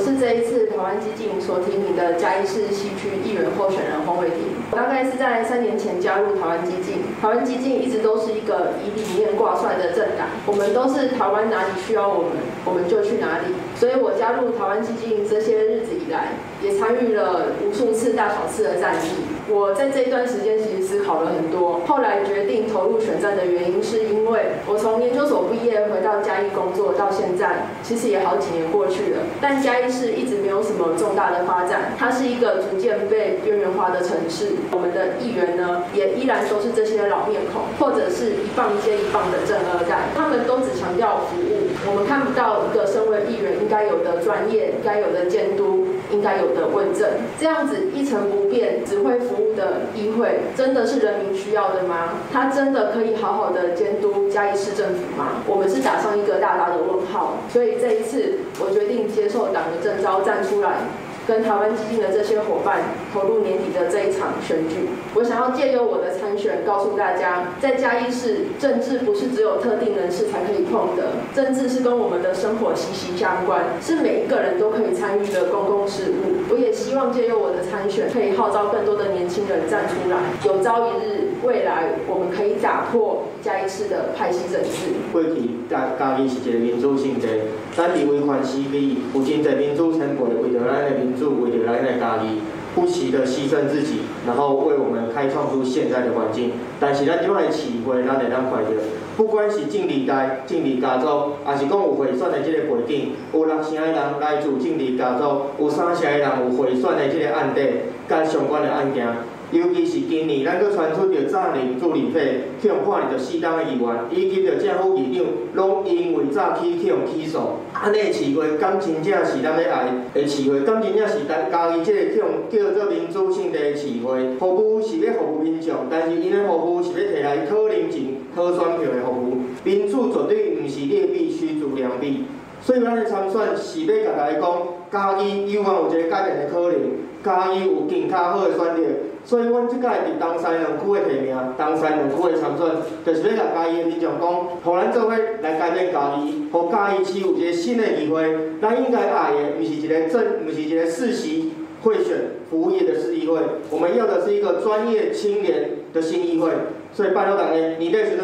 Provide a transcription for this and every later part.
我是這一次台灣基進所提名的嘉義市西區議員候選人洪瑋庭，我大概是在三年前加入台灣基進，台灣基進一直都是一個以理念掛帥的政黨，我們都是台灣哪裡需要我們，我們就去哪裡。所以，我加入台灣基進這些日子以來，也參與了無數次大小事的戰役。我在這一段時間其實思考了很多，後來決定投入選戰的原因，是因為我從研究所畢業回到嘉義工作，到現在其實也好幾年過去了，但嘉義市一直沒有什麼重大的發展，它是一個逐漸被邊緣化的城市。我們的議員呢，也依然都是這些老面孔，或者是一棒接一棒的政二代，他們都只強調服務，我們看不到一個身為議員應該有的專業，應該有的監督。應該有的問政，這樣子一成不變，只會服務的議會，真的是人民需要的嗎？他真的可以好好的監督嘉義市政府嗎？我們是打上一個大大的問號。所以這一次，我決定接受黨的徵召，站出來。跟台灣基進的這些夥伴投入年底的這一場選舉。我想要借由我的參選告訴大家，在嘉義市，政治不是只有特定人士才可以碰的，政治是跟我們的生活息息相關，是每一個人都可以參與的公共事務。我也希望借由我的參選，可以號召更多的年輕人站出來，有朝一日未來我們可以打破嘉義市的派系政治。會去大大義是一民族性的，製，單因為看溪裡，不僅在民族成果的軌道做為着咱的家己，不惜的犧牲自己，然後為我們開創出現在的環境。但是咱即擺的詞彙，咱會兩塊的，不管是政治家、政治家族，也是講有賄選的即個背景，有六成的人來自政治家族，有三成的人有賄選的即個案底，甲相關的案件。尤其是今年，咱閣傳出着詐領助理費，去用看着四誒一萬，以及着政府現象，攏因為早起去用起訴。安尼誒飼會感情真正是咱誒愛；誒飼會感情真正是咱家己。即個去用叫做民主性質的飼會，服務是要服務民眾，但是因誒服務是要摕來討人情、討選票誒服務。民主絕對毋是劣幣驅逐良幣，所以咱誒參選是要甲大家己來講。嘉義有然有一個改變的可能，嘉義有更加好的選擇，所以阮即屆佇東西兩區的提名，東西兩區的參選，就是要給嘉義民眾講，予咱做伙來改變嘉義，互嘉義市有一個新的機會。咱應該愛的，毋是一個政，毋是一個市席會選服務業的市議會，我們要的是一個專業青年的新議會。所以拜托大家，年底時陣，你對這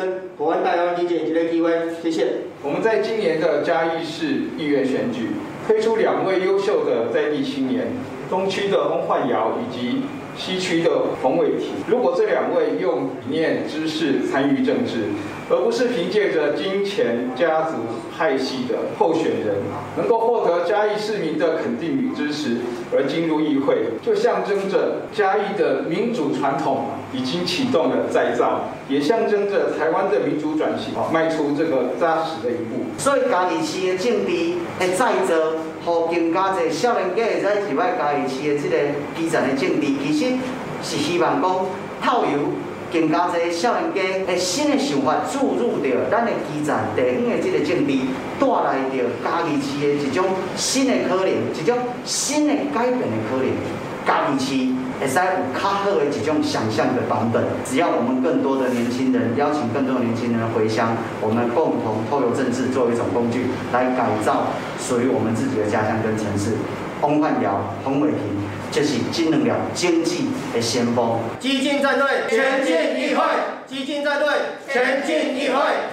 個台灣大選理解這個機會，謝謝。我們在今年的嘉義市議員選舉推出兩位優秀的在地青年。東區的翁渙瑤以及西區的洪瑋庭，如果這兩位用理念、知識參與政治，而不是憑借着金錢、家族派系的候選人，能夠獲得嘉義市民的肯定與支持而進入議會，就象徵着嘉義的民主傳統已經啟動了再造，也象徵着台灣的民主轉型邁出這個紮實的一步。所以嘉義市的基進，還在這。互更加濟少年家會使入來嘉義市的這個基層的政治，其實是希望講，透過更加濟少年家，的新的想法注入到咱的基層地方的這個政治，帶來到嘉義市的一種新的可能，一種新的改變的可能，嘉義市。S.F. 卡賀為幾種想象的版本，只要我們更多的年輕人邀請更多的年輕人回鄉，我們共同透過政治做一種工具，來改造屬於我們自己的家鄉跟城市。翁渙瑤、洪瑋庭就是金能表經濟的先鋒。基進戰隊前進議會，基進戰隊前進議會。